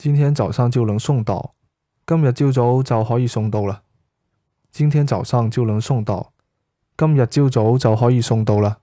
今天早上就能送到，今日朝早就可以送到啦。今天早上就能送到，今日朝早就可以送到啦。